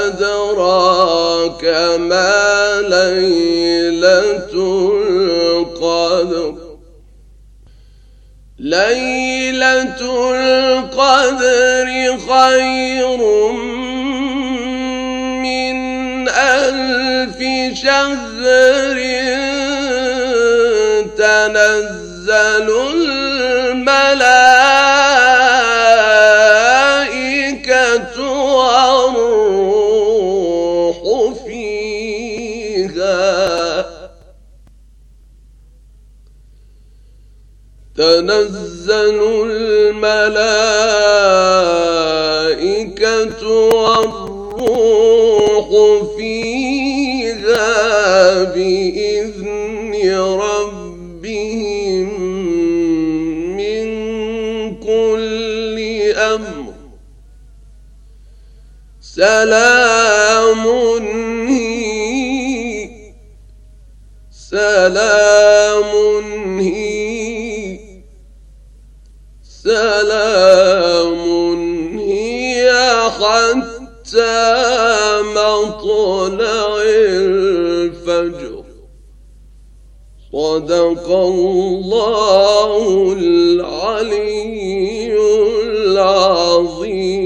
أدراك ما ليلة القدر ليلة القدر خير من ألف شهر تنزل تنزل الملائكة والروح فيها بإذن ربهم من كل أمر سلام سلام هي حتى مطلع الفجر صدق الله العلي العظيم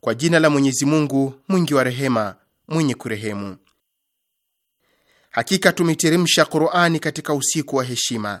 Kwa jina la Mwenyezi Mungu mwingi wa rehema mwenye kurehemu. Hakika tumeteremsha Qur'ani katika usiku wa heshima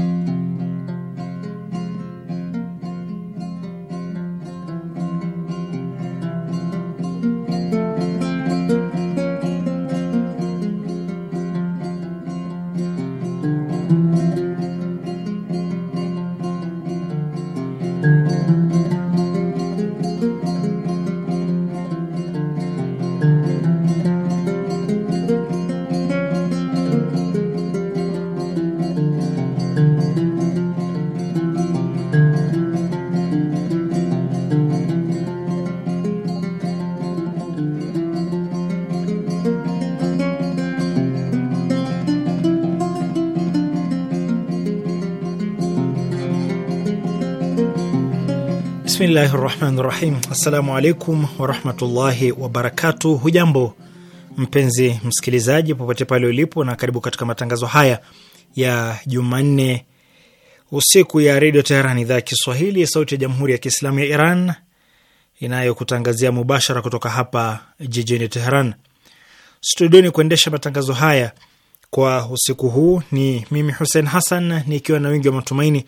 Bismillahi rahmani rahim. Assalamu alaikum warahmatullahi wabarakatuh. Hujambo mpenzi msikilizaji, popote pale ulipo, na karibu katika matangazo haya ya Jumanne usiku ya Redio Teheran, idhaa ya Kiswahili, sauti ya Jamhuri ya Kiislamu ya Iran inayokutangazia mubashara kutoka hapa jijini Teheran. Studioni kuendesha matangazo haya kwa usiku huu ni mimi Hussein Hassan, nikiwa na wingi wa matumaini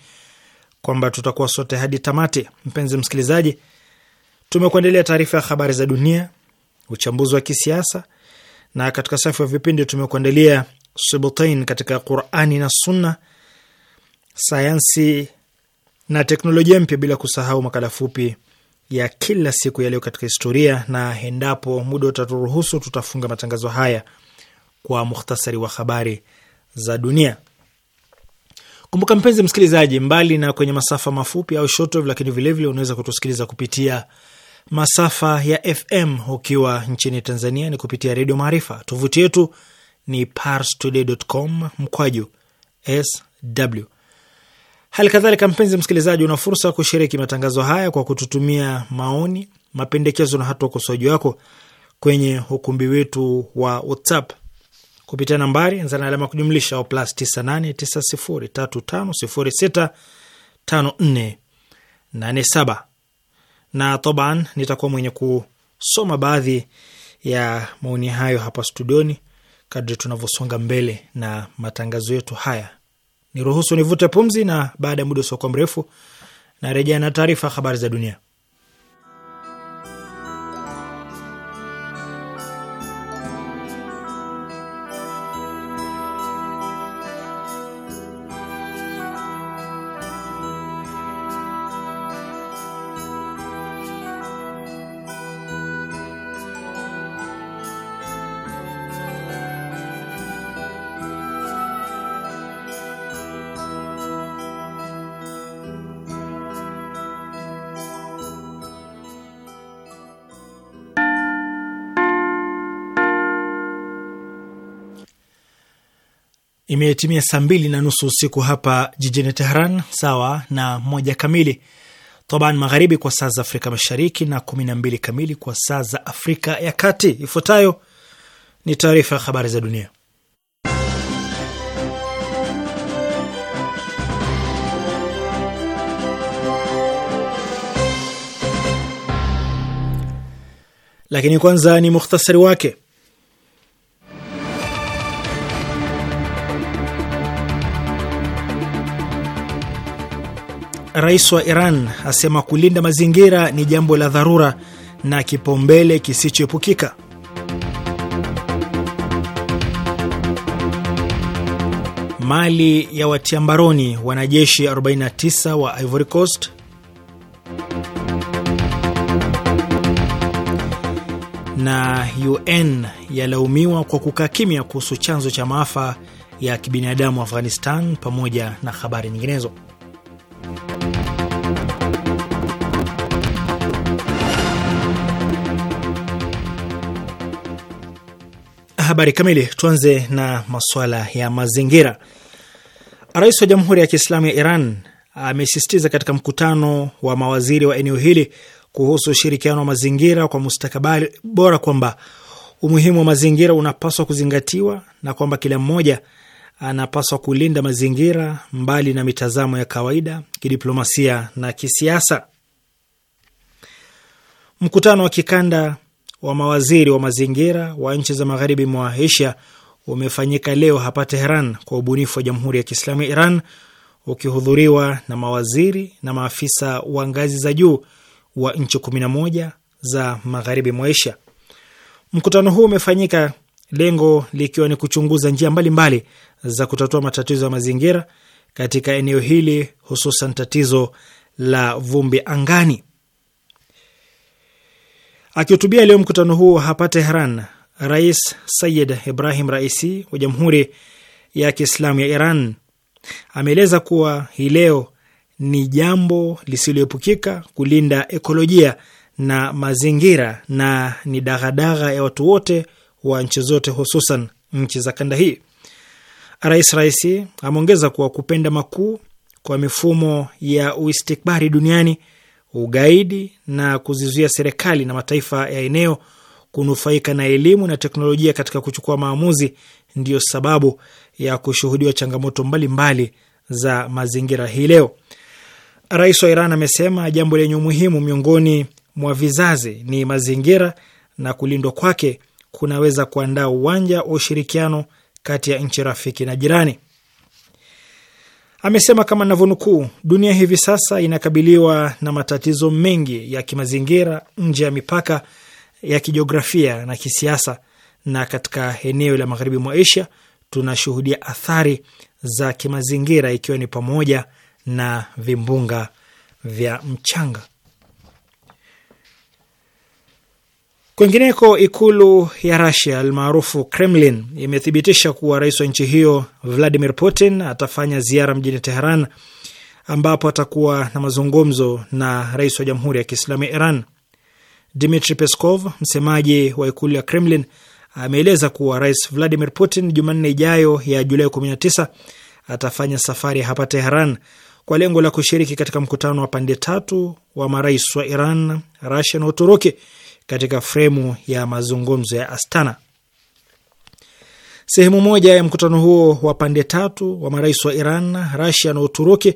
kwamba tutakuwa sote hadi tamati. Mpenzi msikilizaji, tumekuandalia taarifa ya habari za dunia, uchambuzi wa kisiasa, na katika safu ya vipindi tumekuandalia Sibutain katika Qurani na Sunna, sayansi na teknolojia mpya, bila kusahau makala fupi ya kila siku yaliyo katika historia, na endapo muda utaturuhusu tutafunga matangazo haya kwa muhtasari wa habari za dunia. Kumbuka mpenzi msikilizaji, mbali na kwenye masafa mafupi au shortwave, lakini vilevile unaweza kutusikiliza kupitia masafa ya FM ukiwa nchini Tanzania ni kupitia Redio Maarifa. Tovuti yetu ni parstoday.com mkwaju sw. Hali kadhalika, mpenzi msikilizaji, una fursa ya kushiriki matangazo haya kwa kututumia maoni, mapendekezo na hata ukosoaji wako kwenye ukumbi wetu wa WhatsApp kupitia nambari anza na alama kujumlisha au plus 989035065487 na toban nitakuwa mwenye kusoma baadhi ya maoni hayo hapa studioni kadri tunavyosonga mbele na matangazo yetu haya. Niruhusu nivute pumzi, na baada ya muda usiokuwa mrefu narejea na taarifa habari za dunia. Imetimia saa mbili na nusu usiku hapa jijini Tehran, sawa na moja kamili toban magharibi kwa saa za Afrika Mashariki na kumi na mbili kamili kwa saa za Afrika ya Kati. Ifuatayo ni taarifa ya habari za dunia, lakini kwanza ni mukhtasari wake. Rais wa Iran asema kulinda mazingira ni jambo la dharura na kipaumbele kisichoepukika. Mali ya watia mbaroni wanajeshi 49 wa Ivory Coast. Na UN yalaumiwa kwa kukaa kimya kuhusu chanzo cha maafa ya kibinadamu Afghanistan, pamoja na habari nyinginezo. habari kamili, tuanze na masuala ya mazingira. Rais wa Jamhuri ya Kiislamu ya Iran amesisitiza katika mkutano wa mawaziri wa eneo hili kuhusu ushirikiano wa mazingira kwa mustakabali bora kwamba umuhimu wa mazingira unapaswa kuzingatiwa na kwamba kila mmoja anapaswa kulinda mazingira mbali na mitazamo ya kawaida kidiplomasia na kisiasa. Mkutano wa kikanda wa mawaziri wa mazingira wa nchi za magharibi mwa Asia umefanyika leo hapa Teheran kwa ubunifu wa Jamhuri ya Kiislamu ya Iran ukihudhuriwa na mawaziri na maafisa wa ngazi za juu wa nchi kumi na moja za magharibi mwa Asia. Mkutano huu umefanyika lengo likiwa ni kuchunguza njia mbalimbali mbali za kutatua matatizo ya mazingira katika eneo hili, hususan tatizo la vumbi angani. Akihutubia leo mkutano huo hapa Tehran, Rais Sayid Ibrahim Raisi wa Jamhuri ya Kiislamu ya Iran ameeleza kuwa hii leo ni jambo lisiloepukika kulinda ekolojia na mazingira na ni daghadagha ya watu wote wa nchi zote, hususan nchi za kanda hii. Rais Raisi ameongeza kuwa kupenda makuu kwa mifumo ya uistikbari duniani ugaidi na kuzizuia serikali na mataifa ya eneo kunufaika na elimu na teknolojia katika kuchukua maamuzi ndiyo sababu ya kushuhudiwa changamoto mbalimbali mbali za mazingira hii leo. Rais wa Iran amesema jambo lenye umuhimu miongoni mwa vizazi ni mazingira na kulindwa kwake kunaweza kuandaa uwanja wa ushirikiano kati ya nchi rafiki na jirani. Amesema kama navyonukuu, dunia hivi sasa inakabiliwa na matatizo mengi ya kimazingira nje ya mipaka ya kijiografia na kisiasa, na katika eneo la magharibi mwa Asia tunashuhudia athari za kimazingira, ikiwa ni pamoja na vimbunga vya mchanga. Kwingineko, ikulu ya Rasia almaarufu Kremlin imethibitisha kuwa rais wa nchi hiyo Vladimir Putin atafanya ziara mjini Teheran, ambapo atakuwa na mazungumzo na rais wa Jamhuri ya Kiislamu ya Iran. Dmitri Peskov, msemaji wa ikulu ya Kremlin, ameeleza kuwa rais Vladimir Putin Jumanne ijayo ya Julai 19 atafanya safari hapa Teheran kwa lengo la kushiriki katika mkutano wa pande tatu wa marais wa Iran, Rasia na Uturuki katika fremu ya mazungumzo ya Astana. Sehemu moja ya mkutano huo wa pande tatu wa marais wa Iran, Rasia na Uturuki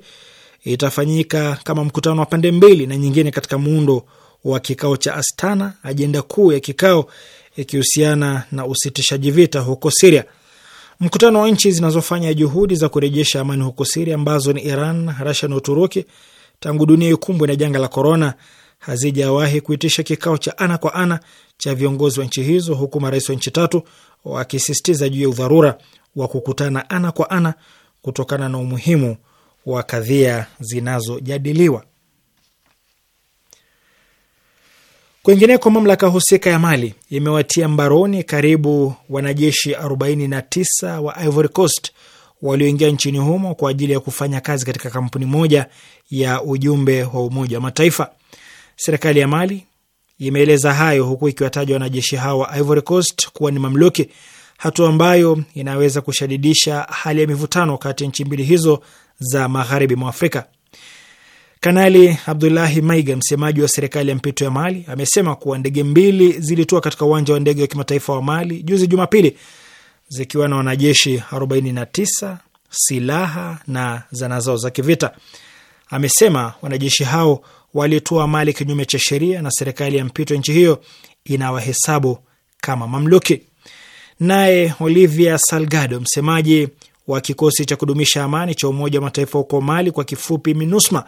itafanyika kama mkutano wa pande mbili na nyingine katika muundo wa kikao cha Astana, ajenda kuu ya kikao ikihusiana na usitishaji vita huko Siria. Mkutano wa nchi zinazofanya juhudi za kurejesha amani huko Siria ambazo ni Iran, Rasia na Uturuki tangu dunia ikumbwe na janga la korona hazijawahi kuitisha kikao cha ana kwa ana cha viongozi wa nchi hizo, huku marais wa nchi tatu wakisisitiza juu ya udharura wa kukutana ana kwa ana kutokana na umuhimu wa kadhia zinazojadiliwa. Kwingineko, mamlaka husika ya Mali imewatia mbaroni karibu wanajeshi 49 wa Ivory Coast walioingia nchini humo kwa ajili ya kufanya kazi katika kampuni moja ya ujumbe wa Umoja wa Mataifa. Serikali ya Mali imeeleza hayo huku ikiwataja wanajeshi hao wa Ivory Coast kuwa ni mamluki, hatua ambayo inaweza kushadidisha hali ya mivutano kati ya nchi mbili hizo za magharibi mwa Afrika. Kanali Abdullahi Maiga, msemaji wa serikali ya mpito ya Mali, amesema kuwa ndege mbili zilitua katika uwanja wa ndege wa kimataifa wa Mali juzi Jumapili zikiwa na wanajeshi 49, silaha na zana zao za kivita. Amesema wanajeshi hao walitoa mali kinyume cha sheria na serikali ya mpito nchi hiyo inawahesabu kama mamluki. Naye Olivia Salgado, msemaji wa kikosi cha kudumisha amani cha Umoja wa Mataifa huko Mali, kwa kifupi MINUSMA,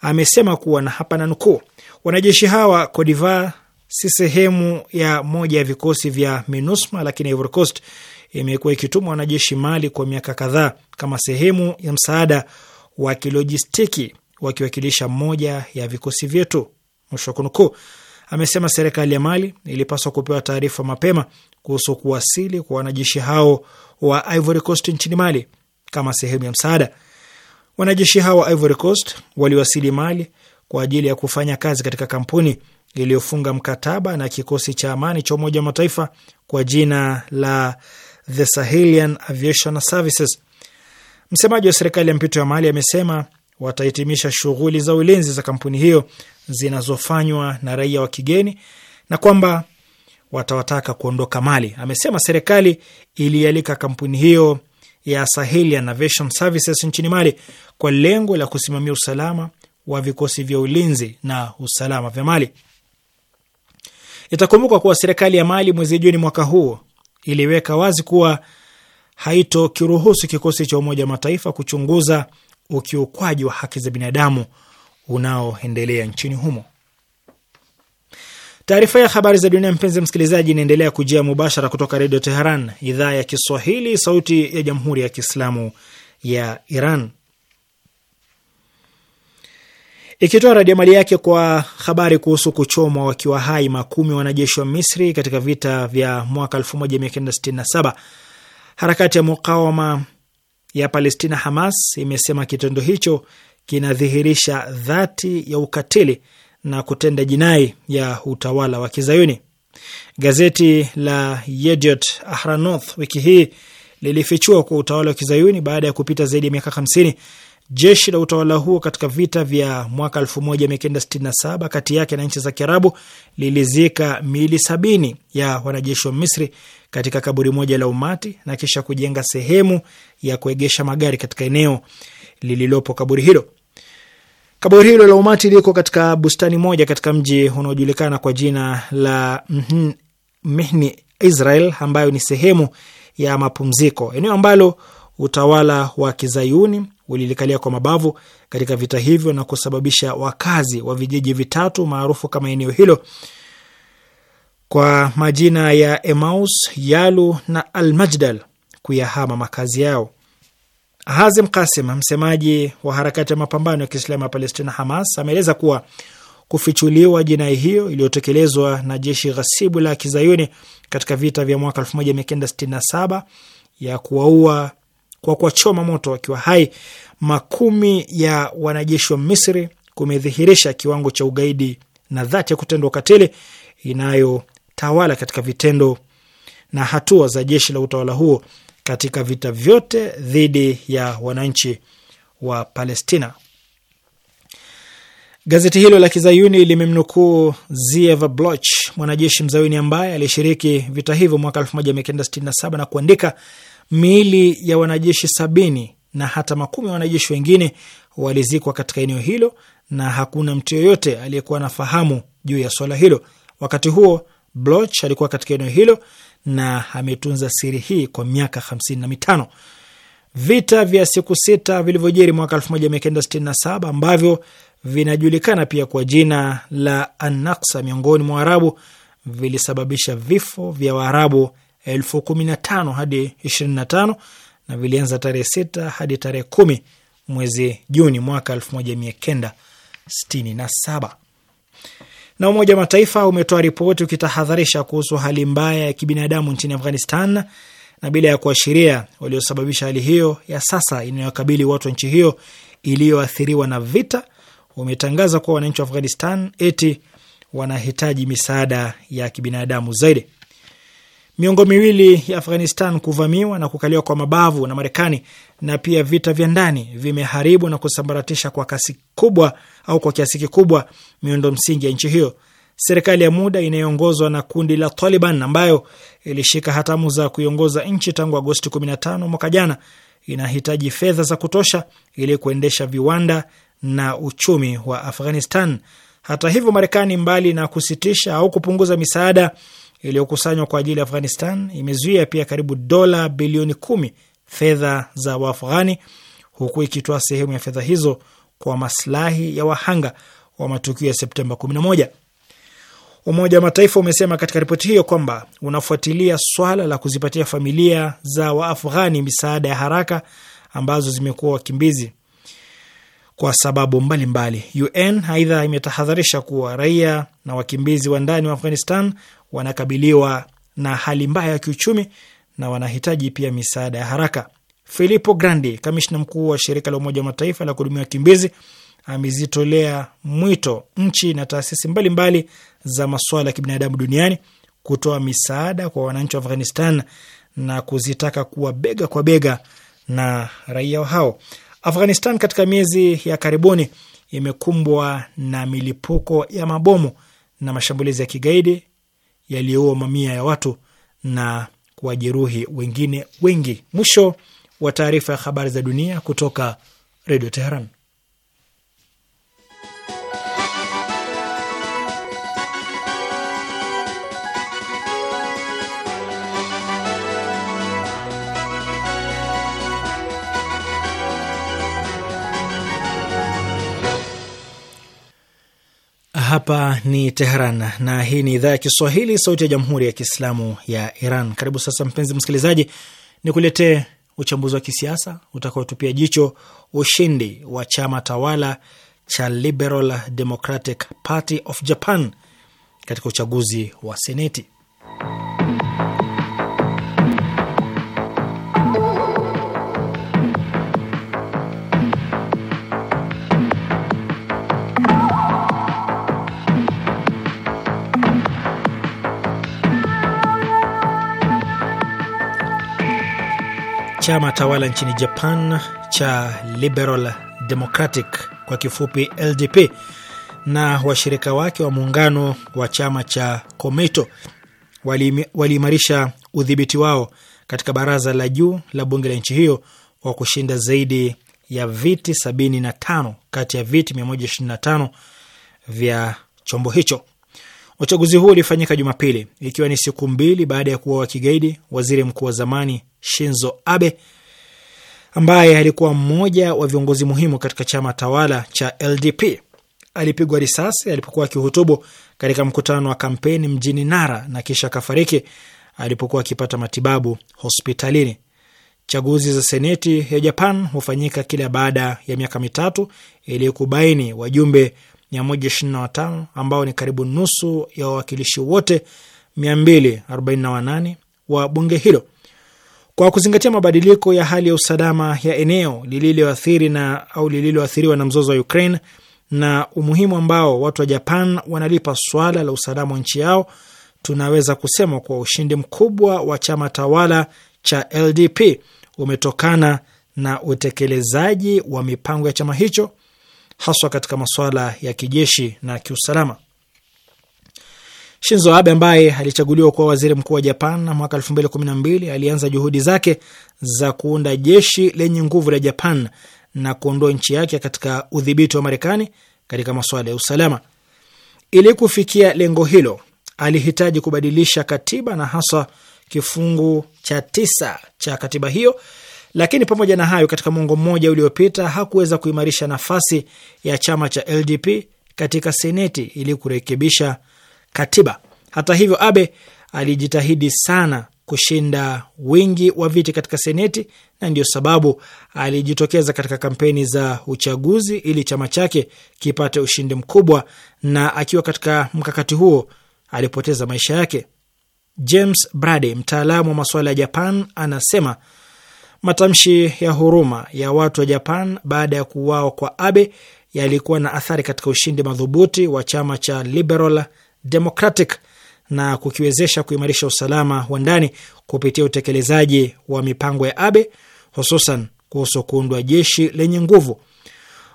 amesema kuwa na hapa na nukuu, wanajeshi hawa Codivar si sehemu ya moja ya vikosi vya MINUSMA, lakini Ivory Coast imekuwa ikitumwa wanajeshi Mali kwa miaka kadhaa kama sehemu ya msaada wa kilojistiki wakiwakilisha moja ya vikosi vyetu, mwisho wa kunukuu. Amesema serikali ya Mali ilipaswa kupewa taarifa mapema kuhusu kuwasili kwa wanajeshi hao wa Ivory Coast nchini Mali kama sehemu ya msaada. Wanajeshi hao wa Ivory Coast waliwasili Mali kwa ajili ya kufanya kazi katika kampuni iliyofunga mkataba na kikosi cha amani cha Umoja wa Mataifa kwa jina la The Sahelian Aviation Services. Msemaji wa serikali ya mpito ya Mali amesema watahitimisha shughuli za ulinzi za kampuni hiyo zinazofanywa na raia wa kigeni na kwamba watawataka kuondoka Mali. Amesema serikali ilialika kampuni hiyo ya Sahelian Navigation Services nchini Mali kwa lengo la kusimamia usalama wa vikosi vya ulinzi na usalama vya Mali. Itakumbuka kuwa serikali ya Mali mwezi Juni mwaka huu iliweka wazi kuwa haitokiruhusu kikosi cha Umoja wa Mataifa kuchunguza ukiukwaji wa haki za binadamu unaoendelea nchini humo. Taarifa ya habari za dunia, mpenzi msikilizaji, inaendelea kujia mubashara kutoka Redio Teheran, idhaa ya Kiswahili, sauti ya jamhuri ya kiislamu ya Iran, ikitoa radio mali yake kwa habari kuhusu kuchomwa wakiwa hai makumi wanajeshi wa Misri katika vita vya mwaka 1967. Harakati ya mukawama ya Palestina Hamas imesema kitendo hicho kinadhihirisha dhati ya ukatili na kutenda jinai ya utawala wa Kizayuni. Gazeti la Yediot Ahronoth wiki hii lilifichua kwa utawala wa Kizayuni baada ya kupita zaidi ya miaka 50 jeshi la utawala huo katika vita vya mwaka 1967 kati yake na nchi za Kiarabu lilizika miili sabini ya wanajeshi wa Misri katika kaburi moja la umati na kisha kujenga sehemu ya kuegesha magari katika eneo lililopo kaburi hilo. Kaburi hilo la umati liko katika bustani moja katika mji unaojulikana kwa jina la Mihni Israel, ambayo ni sehemu ya mapumziko, eneo ambalo utawala wa kizayuni ulilikalia kwa mabavu katika vita hivyo na kusababisha wakazi wa vijiji vitatu maarufu kama eneo hilo kwa majina ya Emaus, Yalu na Almajdal kuyahama makazi yao. Hazim Kasim, msemaji wa harakati ya mapambano ya Kiislamu ya Palestina, Hamas, ameeleza kuwa kufichuliwa jinai hiyo iliyotekelezwa na jeshi ghasibu la kizayuni katika vita vya mwaka 1967 ya kuwaua kwa kuwachoma moto wakiwa hai makumi ya wanajeshi wa Misri kumedhihirisha kiwango cha ugaidi na dhati ya kutendwa ukatili inayotawala katika vitendo na hatua za jeshi la utawala huo katika vita vyote dhidi ya wananchi wa Palestina. Gazeti hilo la kizayuni limemnukuu Zieva Bloch, mwanajeshi mzayuni ambaye alishiriki vita hivyo mwaka 1967 na kuandika, miili ya wanajeshi sabini na hata makumi ya wanajeshi wengine walizikwa katika eneo hilo na hakuna mtu yoyote aliyekuwa anafahamu juu ya swala hilo. Wakati huo Bloch alikuwa katika eneo hilo na ametunza siri hii kwa miaka hamsini na mitano. Vita vya siku sita vilivyojiri mwaka 1967 ambavyo vinajulikana pia kwa jina la Anaksa miongoni mwa Waarabu vilisababisha vifo vya Waarabu elfu kumi na tano hadi ishirini na tano na vilianza tarehe sita hadi tarehe kumi mwezi Juni mwaka elfu moja mia kenda sitini na saba. Na Umoja wa Mataifa umetoa ripoti ukitahadharisha kuhusu hali mbaya ya kibinadamu nchini Afghanistan na bila ya kuashiria waliosababisha hali hiyo ya sasa inayokabili watu wa nchi hiyo iliyoathiriwa na vita. Umetangaza kuwa wananchi wa Afghanistan eti wanahitaji misaada ya kibinadamu zaidi miongo miwili ya Afghanistan kuvamiwa na kukaliwa kwa mabavu na Marekani na pia vita vya ndani vimeharibu na kusambaratisha kwa kasi kubwa au kwa kiasi kikubwa miundo msingi ya nchi hiyo. Serikali ya muda inayoongozwa na kundi la Taliban ambayo ilishika hatamu za kuiongoza nchi tangu Agosti 15 mwaka jana inahitaji fedha za kutosha ili kuendesha viwanda na uchumi wa Afghanistan. Hata hivyo, Marekani mbali na kusitisha au kupunguza misaada iliyokusanywa kwa ajili ya Afghanistan imezuia pia karibu dola bilioni kumi fedha za Waafghani, huku ikitoa sehemu ya fedha hizo kwa maslahi ya wahanga wa matukio ya Septemba 11. Umoja wa Mataifa umesema katika ripoti hiyo kwamba unafuatilia swala la kuzipatia familia za Waafghani misaada ya haraka ambazo zimekuwa wakimbizi kwa sababu mbalimbali mbali. UN aidha imetahadharisha kuwa raia na wakimbizi wa ndani wa Afghanistan wanakabiliwa na hali mbaya ya kiuchumi na wanahitaji pia misaada ya haraka. Filippo Grandi, kamishna mkuu wa shirika la Umoja wa Mataifa la kuhudumia wakimbizi, amezitolea mwito nchi na taasisi mbalimbali mbali za masuala ya kibinadamu duniani kutoa misaada kwa wananchi wa Afghanistan na kuzitaka kuwa bega kwa bega na raia hao. Afghanistan katika miezi ya karibuni imekumbwa na milipuko ya mabomu na mashambulizi ya kigaidi yaliyoua mamia ya watu na kuwajeruhi wengine wengi. Mwisho wa taarifa ya habari za dunia kutoka Redio Teheran. ni Tehran na hii ni idhaa ya Kiswahili, sauti ya jamhuri ya kiislamu ya Iran. Karibu sasa, mpenzi msikilizaji, ni kuletee uchambuzi wa kisiasa utakaotupia jicho ushindi wa chama tawala cha Liberal Democratic Party of Japan katika uchaguzi wa Seneti. chama tawala nchini Japan cha Liberal Democratic kwa kifupi LDP na washirika wake wa muungano wa chama cha Komeito waliimarisha wali udhibiti wao katika baraza la juu la bunge la nchi hiyo wa kushinda zaidi ya viti 75 kati ya viti 125 vya chombo hicho. Uchaguzi huo ulifanyika Jumapili, ikiwa ni siku mbili baada ya kuwa wa kigaidi waziri mkuu wa zamani Shinzo Abe, ambaye alikuwa mmoja wa viongozi muhimu katika chama tawala cha LDP. Alipigwa risasi alipokuwa akihutubu katika mkutano wa kampeni mjini Nara na kisha akafariki alipokuwa akipata matibabu hospitalini. Chaguzi za seneti ya Japan hufanyika kila baada ya miaka mitatu ili kubaini wajumbe 125 ambao ni karibu nusu ya wawakilishi wote 248 wa bunge hilo. Kwa kuzingatia mabadiliko ya hali ya usalama ya eneo lililoathiri na au lililoathiriwa na mzozo wa Ukraine na umuhimu ambao watu wa Japan wanalipa swala la usalama wa nchi yao, tunaweza kusema kuwa ushindi mkubwa wa chama tawala cha LDP umetokana na utekelezaji wa mipango ya chama hicho haswa katika masuala ya kijeshi na kiusalama. Shinzo Abe ambaye alichaguliwa kuwa waziri mkuu wa Japan na mwaka 2012 alianza juhudi zake za kuunda jeshi lenye nguvu la Japan na kuondoa nchi yake katika udhibiti wa Marekani katika masuala ya usalama. Ili kufikia lengo hilo, alihitaji kubadilisha katiba na haswa kifungu cha tisa cha katiba hiyo lakini pamoja na hayo, katika mwongo mmoja uliopita hakuweza kuimarisha nafasi ya chama cha LDP katika seneti ili kurekebisha katiba. Hata hivyo, Abe alijitahidi sana kushinda wingi wa viti katika seneti, na ndiyo sababu alijitokeza katika kampeni za uchaguzi ili chama chake kipate ushindi mkubwa, na akiwa katika mkakati huo alipoteza maisha yake. James Brady, mtaalamu wa masuala ya Japan, anasema Matamshi ya huruma ya watu wa Japan baada ya kuuawa kwa Abe yalikuwa na athari katika ushindi madhubuti wa chama cha Liberal Democratic na kukiwezesha kuimarisha usalama wa ndani kupitia utekelezaji wa mipango ya Abe, hususan kuhusu kuundwa jeshi lenye nguvu.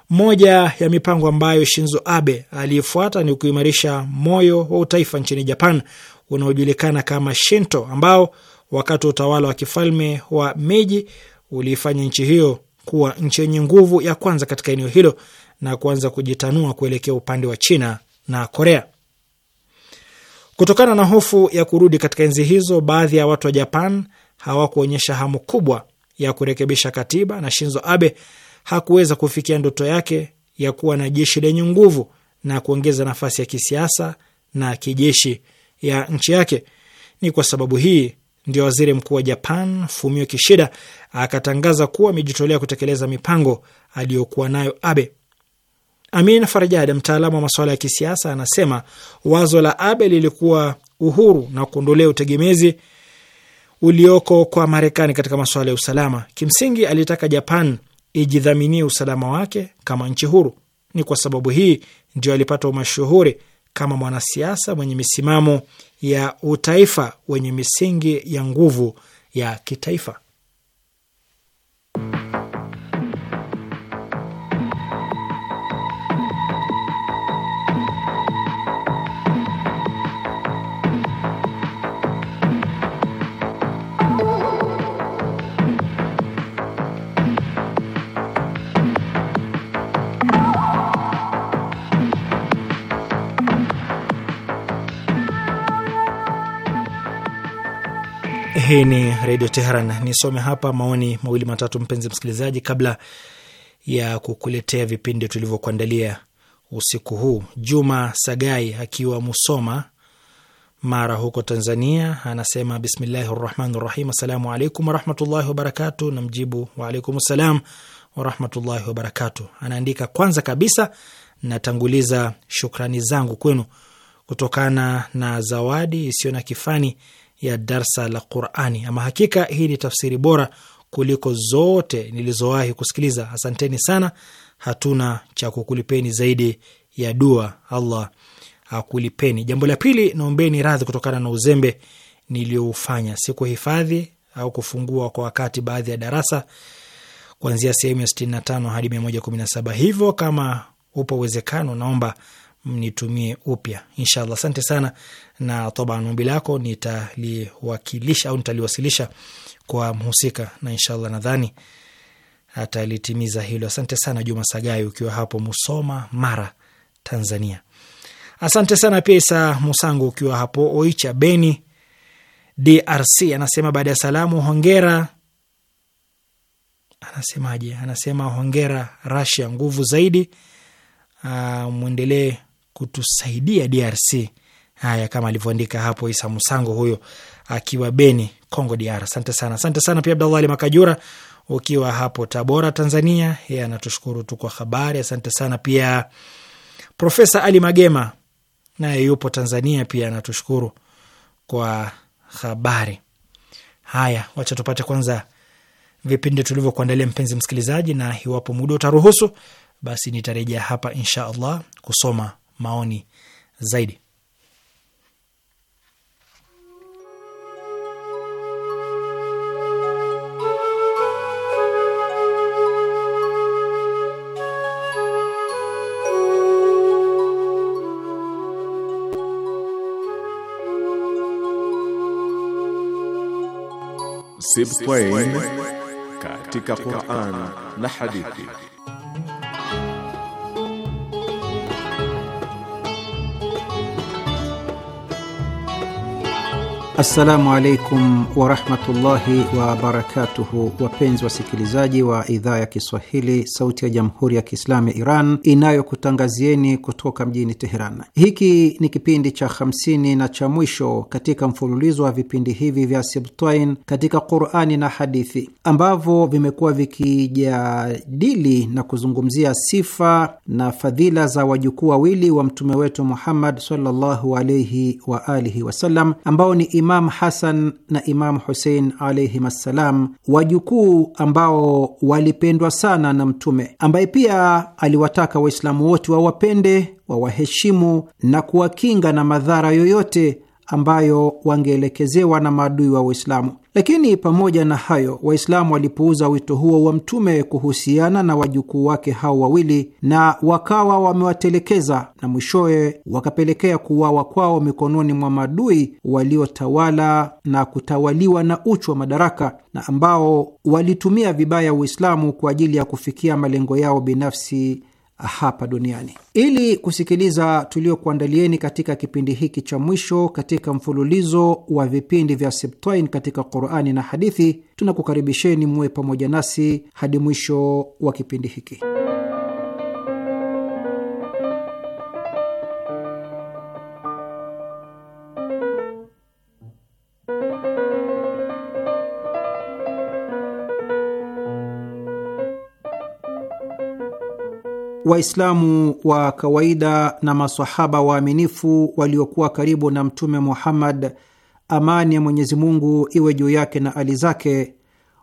Moja ya mipango ambayo Shinzo Abe aliifuata ni kuimarisha moyo wa utaifa nchini Japan unaojulikana kama Shinto, ambao wakati wa utawala wa kifalme wa Meiji uliifanya nchi hiyo kuwa nchi yenye nguvu ya kwanza katika eneo hilo na kuanza kujitanua kuelekea upande wa China na Korea. Kutokana na hofu ya kurudi katika enzi hizo, baadhi ya watu wa Japan hawakuonyesha hamu kubwa ya kurekebisha katiba na Shinzo Abe hakuweza kufikia ndoto yake ya kuwa na jeshi lenye nguvu na kuongeza nafasi ya kisiasa na kijeshi ya nchi yake. Ni kwa sababu hii ndio waziri mkuu wa Japan Fumio Kishida akatangaza kuwa amejitolea kutekeleza mipango aliyokuwa nayo Abe. Amin Farajad, mtaalamu wa masuala ya kisiasa, anasema wazo la Abe lilikuwa uhuru na kuondolea utegemezi ulioko kwa Marekani katika masuala ya usalama. Kimsingi alitaka Japan ijidhaminie usalama wake kama nchi huru. Ni kwa sababu hii ndio alipata umashuhuri kama mwanasiasa mwenye misimamo ya utaifa wenye misingi ya nguvu ya kitaifa. Hii ni Redio Teheran. Nisome hapa maoni mawili matatu, mpenzi msikilizaji, kabla ya kukuletea vipindi tulivyokuandalia usiku huu. Juma Sagai akiwa Musoma, Mara huko Tanzania, anasema bismillahi rahmani rahim, assalamu alaikum warahmatullahi wabarakatu. Na mjibu waalaikum salam warahmatullahi wabarakatu. Anaandika, kwanza kabisa natanguliza shukrani zangu kwenu kutokana na zawadi isiyo na kifani ya darsa la Qurani. Ama hakika hii ni tafsiri bora kuliko zote nilizowahi kusikiliza. Asanteni sana, hatuna cha kukulipeni zaidi ya dua. Allah akulipeni. Jambo la pili, naombeni radhi kutokana na uzembe niliyoufanya, sikuhifadhi au kufungua kwa wakati baadhi ya darasa kuanzia sehemu ya 65 hadi 117. Hivyo kama upo uwezekano, naomba mnitumie upya inshallah. Asante sana, na toba ombi lako nitaliwakilisha au nitaliwasilisha kwa mhusika, na inshallah nadhani atalitimiza hilo. Asante sana Juma Sagai, ukiwa hapo Musoma, Mara, Tanzania. Asante sana pia Isa Musangu, ukiwa hapo Oicha, Beni, DRC. Anasema baada ya salamu, hongera. Anasemaje? Anasema hongera Rasia, nguvu zaidi. Uh, mwendelee kutusaidia DRC. Haya, kama alivyoandika hapo Isa Musango, huyo akiwa Beni, Congo DR. Asante sana, asante sana pia Abdallah Ali Makajura ukiwa hapo Tabora, Tanzania, yeye anatushukuru tu kwa habari. Asante sana pia Profesa Ali Magema, naye yupo Tanzania, pia anatushukuru kwa habari. Haya, wacha tupate kwanza vipindi tulivyokuandalia, mpenzi msikilizaji, na iwapo muda utaruhusu, basi nitarejea hapa insha allah kusoma maoni zaidi. Sibtain katika Qur'an na hadithi. Assalamu alaikum warahmatullahi wabarakatuhu, wapenzi wasikilizaji wa idhaa ya Kiswahili, Sauti ya Jamhuri ya Kiislamu ya Iran inayokutangazieni kutoka mjini Teheran. Hiki ni kipindi cha 50 na cha mwisho katika mfululizo wa vipindi hivi vya Sibtain katika Qurani na hadithi ambavyo vimekuwa vikijadili na kuzungumzia sifa na fadhila za wajukuu wawili wa mtume wetu Muhammad sallallahu alaihi waalihi wasallam ambao ni Imam Hasan na Imam Husein alaihim assalam, wajukuu ambao walipendwa sana na Mtume, ambaye pia aliwataka Waislamu wote wawapende, wawaheshimu na kuwakinga na madhara yoyote ambayo wangeelekezewa na maadui wa Waislamu. Lakini pamoja na hayo, Waislamu walipuuza wito huo wa Mtume kuhusiana na wajukuu wake hao wawili, na wakawa wamewatelekeza na mwishowe wakapelekea kuwawa kwao mikononi mwa maadui waliotawala na kutawaliwa na uchu wa madaraka, na ambao walitumia vibaya Uislamu kwa ajili ya kufikia malengo yao binafsi hapa duniani. Ili kusikiliza tuliokuandalieni katika kipindi hiki cha mwisho katika mfululizo wa vipindi vya Septain katika Qurani na hadithi, tunakukaribisheni muwe pamoja nasi hadi mwisho wa kipindi hiki. Waislamu wa kawaida na masahaba waaminifu waliokuwa karibu na Mtume Muhammad, amani ya Mwenyezi Mungu iwe juu yake na ali zake,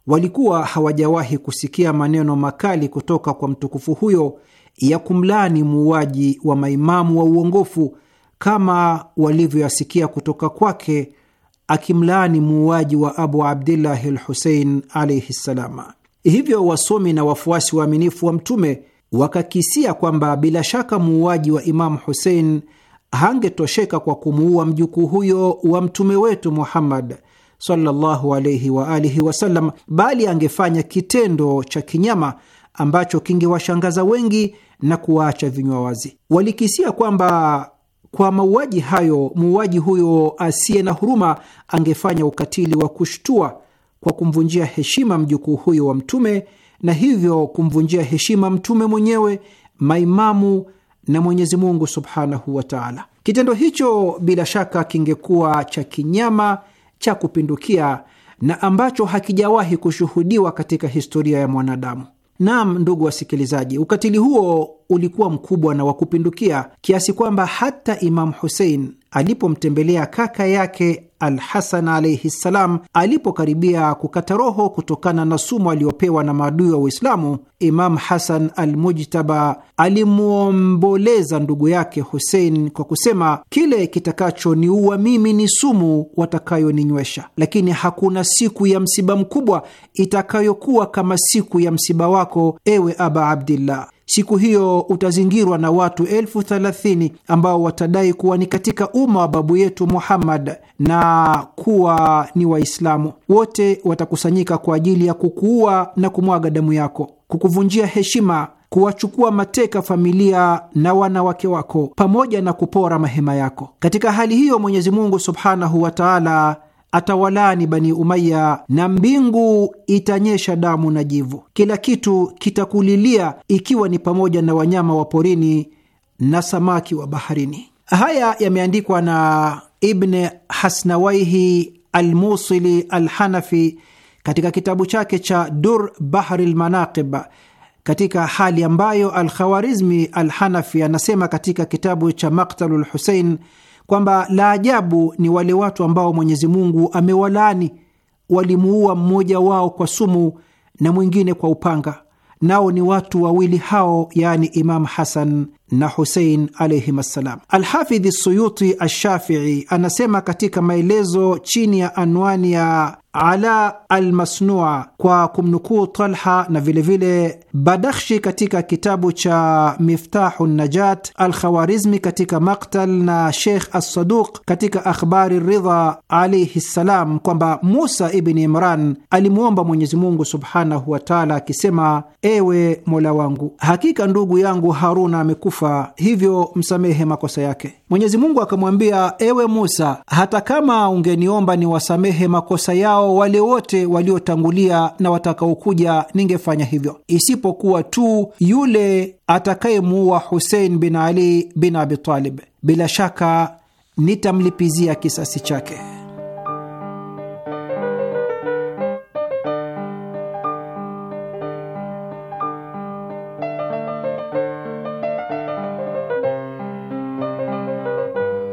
walikuwa hawajawahi kusikia maneno makali kutoka kwa mtukufu huyo ya kumlaani muuaji wa maimamu wa uongofu kama walivyoyasikia kutoka kwake akimlaani muuaji wa Abu Abdillahi al Husein alaihi ssalama. Hivyo wasomi na wafuasi waaminifu wa Mtume wakakisia kwamba bila shaka muuaji wa Imamu Husein hangetosheka kwa kumuua mjukuu huyo wa mtume wetu Muhammad sallallahu alayhi wa alihi wasallam, bali angefanya kitendo cha kinyama ambacho kingewashangaza wengi na kuwaacha vinywa wazi. Walikisia kwamba kwa mauaji hayo muuaji huyo asiye na huruma angefanya ukatili wa kushtua kwa kumvunjia heshima mjukuu huyo wa mtume na hivyo kumvunjia heshima mtume mwenyewe, maimamu na Mwenyezi Mungu subhanahu wa taala. Kitendo hicho bila shaka kingekuwa cha kinyama cha kupindukia na ambacho hakijawahi kushuhudiwa katika historia ya mwanadamu. Naam, ndugu wasikilizaji, ukatili huo ulikuwa mkubwa na wa kupindukia kiasi kwamba hata Imamu Husein alipomtembelea kaka yake Alhasan alaihi ssalam, alipokaribia kukata roho kutokana na sumu aliyopewa na maadui wa Uislamu, Imamu Hasan Almujtaba alimwomboleza ndugu yake Husein kwa kusema, kile kitakachoniua mimi ni sumu watakayoninywesha, lakini hakuna siku ya msiba mkubwa itakayokuwa kama siku ya msiba wako, ewe Aba Abdillah. Siku hiyo utazingirwa na watu elfu thelathini ambao watadai kuwa ni katika umma wa babu yetu Muhammad na kuwa ni Waislamu. Wote watakusanyika kwa ajili ya kukuua na kumwaga damu yako, kukuvunjia heshima, kuwachukua mateka familia na wanawake wako, pamoja na kupora mahema yako. Katika hali hiyo Mwenyezi Mungu subhanahu wa taala atawalaani Bani Umaya na mbingu itanyesha damu na jivu. Kila kitu kitakulilia, ikiwa ni pamoja na wanyama wa porini na samaki wa baharini. Haya yameandikwa na Ibn Hasnawaihi Almusili Alhanafi katika kitabu chake cha Dur Bahri Lmanaqib, katika hali ambayo Alkhawarizmi Alhanafi anasema katika kitabu cha Maktalu Lhusein kwamba la ajabu ni wale watu ambao Mwenyezi Mungu amewalaani. Walimuua mmoja wao kwa sumu na mwingine kwa upanga, nao ni watu wawili hao, yaani Imamu Hasan na Husein alaihim assalam. Alhafidhi Suyuti Ashafii anasema katika maelezo chini ya anwani ya ala almasnua kwa kumnukuu Talha na vilevile Badakhshi katika kitabu cha Miftahu Najat, Alkhawarizmi katika Maktal na Sheikh Assaduq katika Akhbari Ridha alaihi ssalam, kwamba Musa ibni Imran alimwomba Mwenyezi Mungu subhanahu wa taala akisema: ewe mola wangu, hakika ndugu yangu Haruna amekufa kufa, hivyo msamehe makosa yake. Mwenyezi Mungu akamwambia, ewe Musa, hata kama ungeniomba niwasamehe makosa yao wale wote waliotangulia na watakaokuja, ningefanya hivyo, isipokuwa tu yule atakayemuua Husein bin Ali bin Abi Talib, bila shaka nitamlipizia kisasi chake.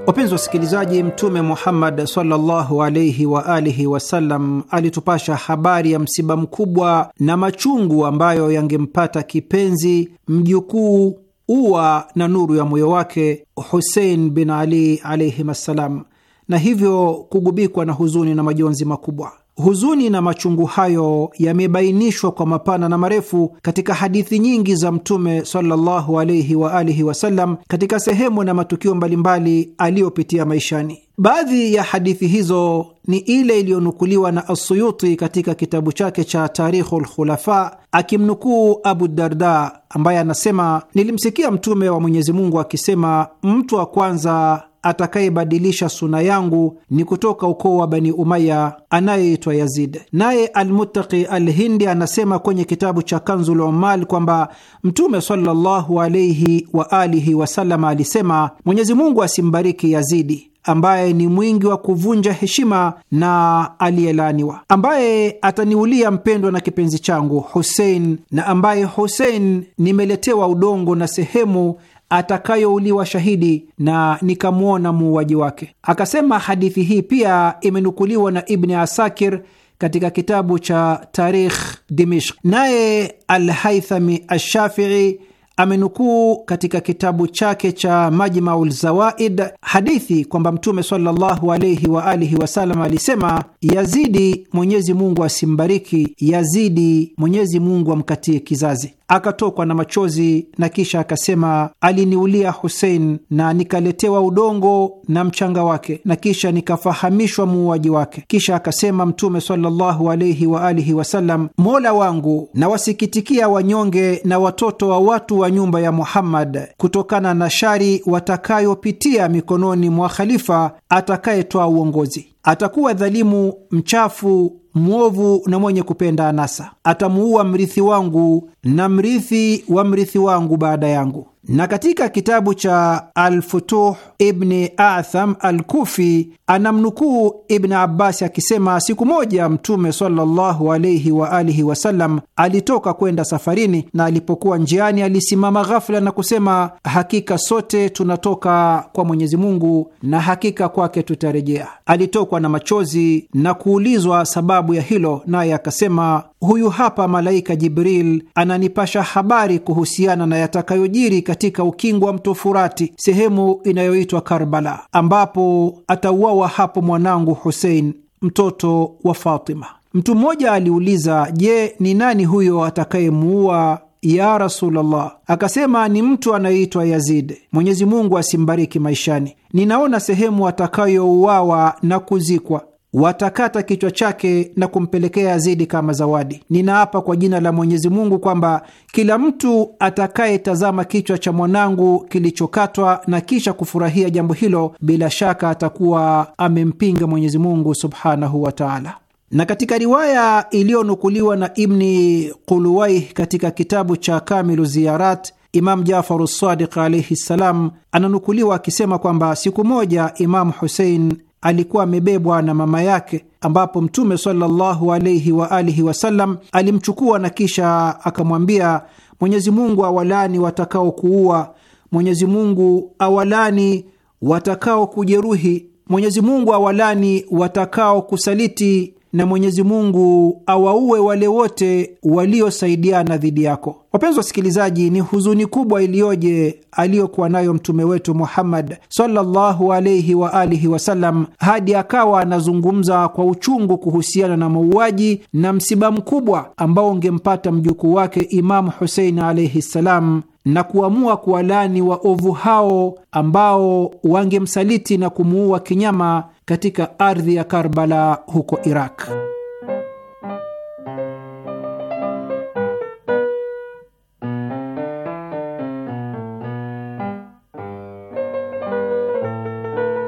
Wapenzi wa wasikilizaji, Mtume Muhammad sallallahu alaihi wa alihi wasallam alitupasha habari ya msiba mkubwa na machungu ambayo yangempata kipenzi mjukuu uwa na nuru ya moyo wake Husein bin Ali alaihim assalam, na hivyo kugubikwa na huzuni na majonzi makubwa. Huzuni na machungu hayo yamebainishwa kwa mapana na marefu katika hadithi nyingi za Mtume sallallahu alaihi wa alihi wasallam katika sehemu na matukio mbalimbali aliyopitia maishani. Baadhi ya hadithi hizo ni ile iliyonukuliwa na Asuyuti katika kitabu chake cha tarikhu lkhulafa akimnukuu Abu Darda ambaye anasema, nilimsikia Mtume wa Mwenyezi Mungu akisema, mtu wa kwanza atakayebadilisha suna yangu ni kutoka ukoo wa Bani Umaya anayeitwa Yazid. Naye Almuttaqi Alhindi anasema kwenye kitabu cha Kanzul Ummal kwamba Mtume sallallahu alaihi wa alihi wasallam alisema, Mwenyezi Mungu asimbariki Yazidi ambaye ni mwingi wa kuvunja heshima na aliyelaniwa, ambaye ataniulia mpendwa na kipenzi changu Husein, na ambaye Husein nimeletewa udongo na sehemu atakayouliwa shahidi na nikamwona muuaji wake. Akasema hadithi hii pia imenukuliwa na Ibni Asakir katika kitabu cha Tarikh Dimishk, naye Alhaithami Ashafii amenukuu katika kitabu chake cha Majmaul Zawaid hadithi kwamba Mtume sallallahu alaihi wa alihi wasallam alisema, Yazidi Mwenyezi Mungu asimbariki, Yazidi Mwenyezi Mungu amkatie kizazi akatokwa na machozi na kisha akasema, aliniulia Husein na nikaletewa udongo na mchanga wake na kisha nikafahamishwa muuaji wake. Kisha akasema Mtume sallallahu alaihi wa alihi wasallam, mola wangu, nawasikitikia wanyonge na watoto wa watu wa nyumba ya Muhammad kutokana na shari watakayopitia mikononi mwa khalifa atakayetoa uongozi. Atakuwa dhalimu mchafu mwovu na mwenye kupenda anasa. Atamuua mrithi wangu na mrithi wa mrithi wangu baada yangu na katika kitabu cha Alfutuh Ibni Atham Alkufi anamnukuu Ibn Abbasi akisema, siku moja Mtume sallallahu alaihi wa alihi wasallam alitoka kwenda safarini, na alipokuwa njiani alisimama ghafula na kusema, hakika sote tunatoka kwa Mwenyezi Mungu na hakika kwake tutarejea. Alitokwa na machozi na kuulizwa sababu ya hilo, naye akasema, huyu hapa malaika Jibril ananipasha habari kuhusiana na yatakayojiri katika ukingo wa mto Furati, sehemu inayoitwa Karbala, ambapo atauawa hapo mwanangu Husein, mtoto wa Fatima. Mtu mmoja aliuliza, je, ni nani huyo atakayemuua ya Rasulullah? Akasema, ni mtu anayeitwa Yazid, Mwenyezi Mungu asimbariki maishani. Ninaona sehemu atakayouawa na kuzikwa watakata kichwa chake na kumpelekea Yazidi kama zawadi. Ninaapa kwa jina la Mwenyezi Mungu kwamba kila mtu atakayetazama kichwa cha mwanangu kilichokatwa na kisha kufurahia jambo hilo, bila shaka atakuwa amempinga Mwenyezi Mungu subhanahu wa taala. Na katika riwaya iliyonukuliwa na Ibni Quluwaih katika kitabu cha Kamilu Ziyarat, imamu Jafaru Sadiq alaihi ssalam ananukuliwa akisema kwamba siku moja Imamu Husein alikuwa amebebwa na mama yake, ambapo Mtume sallallahu alaihi wa alihi wasallam alimchukua na kisha akamwambia, Mwenyezi Mungu awalani watakaokuua, Mwenyezi Mungu awalani watakaokujeruhi, Mwenyezi Mungu awalani watakaokusaliti na Mwenyezi Mungu awaue wale wote waliosaidiana dhidi yako. Wapenzi wasikilizaji, ni huzuni kubwa iliyoje aliyokuwa nayo mtume wetu Muhammad sallallahu alaihi wa alihi wasallam, hadi akawa anazungumza kwa uchungu kuhusiana na mauaji na msiba mkubwa ambao ungempata mjukuu wake Imamu Husein alaihi ssalam na kuamua kuwalani waovu hao ambao wangemsaliti na kumuua kinyama katika ardhi ya Karbala huko Iraq.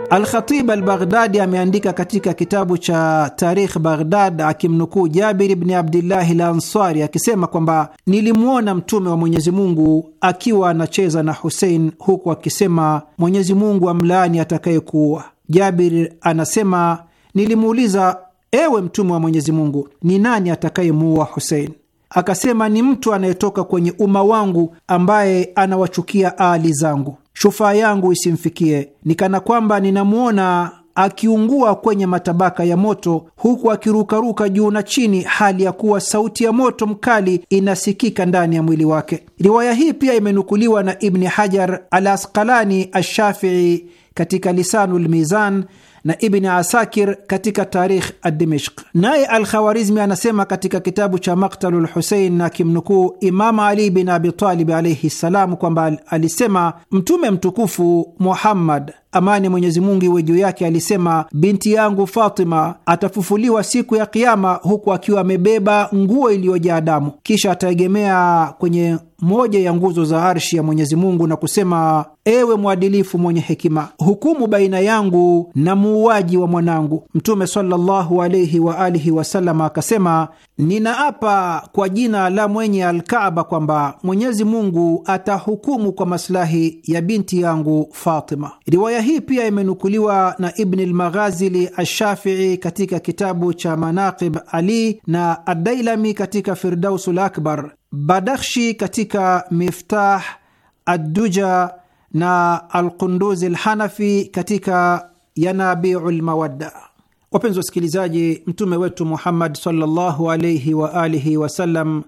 Alkhatib Albaghdadi ameandika katika kitabu cha Tarikh Baghdad akimnukuu Jabiri bni Abdillahi la Ansari akisema kwamba nilimwona Mtume wa Mwenyezi Mungu akiwa anacheza na Husein huku akisema, Mwenyezi Mungu amlaani atakayekuua. Jabir anasema nilimuuliza, ewe Mtume wa Mwenyezi Mungu, ni nani atakayemuua Husein? Akasema, ni mtu anayetoka kwenye umma wangu ambaye anawachukia ali zangu shufaa yangu isimfikie, ni kana kwamba ninamwona akiungua kwenye matabaka ya moto huku akirukaruka juu na chini, hali ya kuwa sauti ya moto mkali inasikika ndani ya mwili wake. Riwaya hii pia imenukuliwa na Ibni Hajar al Asqalani Ashafii katika Lisanul na ibn Asakir katika Tarikh Adimishq. Naye Alkhawarizmi anasema katika kitabu cha Maktalu Lhusein na kimnukuu imam Ali bin Abitalib alaihi ssalam kwamba alisema Mtume mtukufu Muhammad amani Mwenyezi Mungu iwe juu yake, alisema, binti yangu Fatima atafufuliwa siku ya Kiama huku akiwa amebeba nguo iliyojaa damu, kisha ataegemea kwenye moja ya nguzo za arshi ya Mwenyezi Mungu na kusema: ewe mwadilifu mwenye hekima, hukumu baina yangu na muuaji wa mwanangu. Mtume sallallahu alaihi wa alihi wasallam akasema, ninaapa kwa jina la mwenye Alkaaba kwamba Mwenyezi Mungu atahukumu kwa maslahi ya binti yangu Fatima. Riwaya Riwaya hii pia imenukuliwa na Ibni Lmaghazili Ashafii katika kitabu cha Manaqib Ali na Adailami katika Firdausul Akbar, Badakhshi katika Miftah Adduja na Alqunduzi Lhanafi katika Yanabiu Lmawadda. Wapenzi wasikilizaji, Mtume wetu Muhammad sallallahu alaihi waalihi wasallam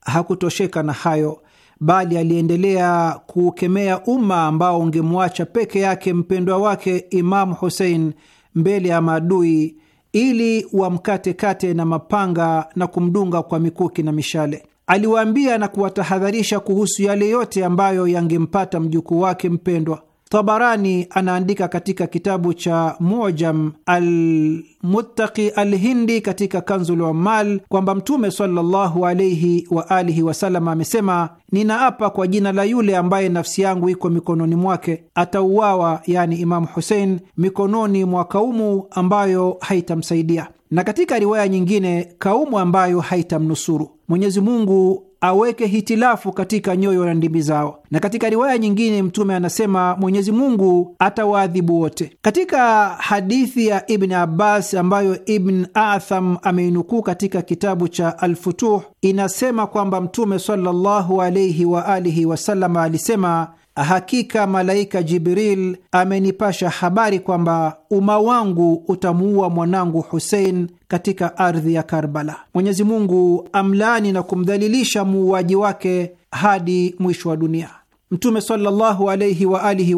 hakutosheka na hayo bali aliendelea kukemea umma ambao ungemwacha peke yake mpendwa wake Imamu Husein mbele ya maadui ili wamkate kate na mapanga na kumdunga kwa mikuki na mishale. Aliwaambia na kuwatahadharisha kuhusu yale yote ambayo yangempata mjukuu wake mpendwa. Tabarani anaandika katika kitabu cha Mujam Almuttaqi Alhindi katika Kanzul Ummal kwamba Mtume sallallahu alaihi wa alihi wasallam amesema, ninaapa kwa jina la yule ambaye nafsi yangu iko mikononi mwake, atauawa, yani Imamu Husein, mikononi mwa kaumu ambayo haitamsaidia, na katika riwaya nyingine, kaumu ambayo haitamnusuru. Mwenyezi Mungu aweke hitilafu katika nyoyo na ndimi zao. Na katika riwaya nyingine Mtume anasema Mwenyezi Mungu atawaadhibu wote. Katika hadithi ya Ibn Abbas ambayo Ibn Atham ameinukuu katika kitabu cha Alfutuh inasema kwamba Mtume sallallahu alaihi waalihi wasallam alisema Hakika malaika Jibril amenipasha habari kwamba umma wangu utamuua mwanangu Husein katika ardhi ya Karbala. Mwenyezi Mungu amlani na kumdhalilisha muuaji wake hadi mwisho wa dunia. Mtume sallallahu wa alihi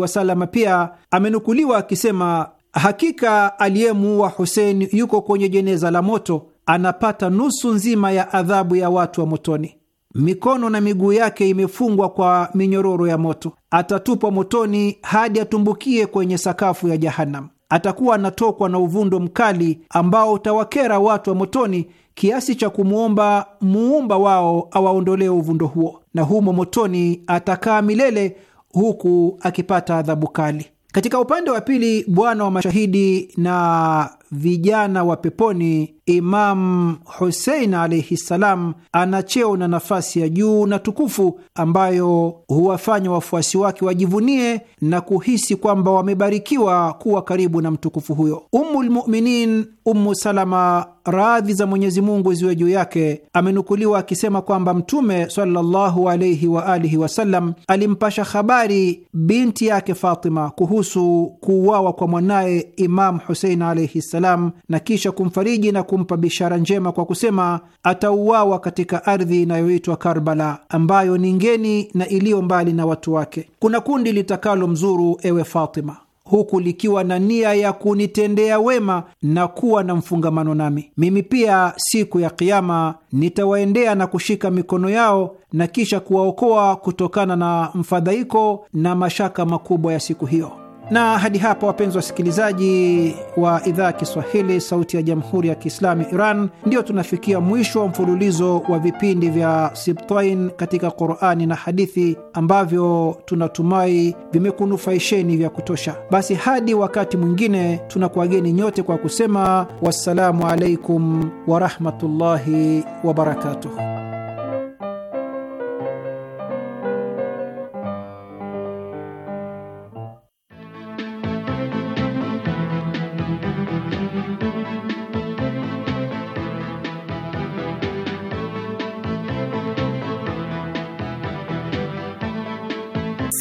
pia amenukuliwa akisema, hakika aliyemuua Husein yuko kwenye jeneza la moto, anapata nusu nzima ya adhabu ya watu wa motoni. Mikono na miguu yake imefungwa kwa minyororo ya moto, atatupwa motoni hadi atumbukie kwenye sakafu ya Jahannam atakuwa anatokwa na uvundo mkali ambao utawakera watu wa motoni kiasi cha kumwomba muumba wao awaondolee uvundo huo, na humo motoni atakaa milele huku akipata adhabu kali. Katika upande wa pili, bwana wa mashahidi na vijana wa peponi, Imam Husein alaihi ssalam, ana cheo na nafasi ya juu na tukufu ambayo huwafanya wafuasi wake wajivunie na kuhisi kwamba wamebarikiwa kuwa karibu na mtukufu huyo. Ummulmuminin Ummu Salama, radhi za Mwenyezi Mungu ziwe juu yake, amenukuliwa akisema kwamba Mtume sallallahu alaihi waalihi wasallam alimpasha habari binti yake Fatima kuhusu kuuawa kwa mwanaye Imam Husein alaihi ssalam salam, na kisha kumfariji na kumpa bishara njema kwa kusema atauawa katika ardhi inayoitwa Karbala, ambayo ni ngeni na iliyo mbali na watu wake. Kuna kundi litakalo mzuru ewe Fatima, huku likiwa na nia ya kunitendea wema na kuwa na mfungamano nami. Mimi pia siku ya Kiama nitawaendea na kushika mikono yao na kisha kuwaokoa kutokana na mfadhaiko na mashaka makubwa ya siku hiyo. Na hadi hapa, wapenzi wasikilizaji wa idhaa ya Kiswahili, Sauti ya Jamhuri ya Kiislamu Iran, ndio tunafikia mwisho wa mfululizo wa vipindi vya Sibtain katika Qurani na hadithi ambavyo tunatumai vimekunufaisheni vya kutosha. Basi hadi wakati mwingine, tunakuageni nyote kwa kusema wassalamu alaikum warahmatullahi wabarakatuh.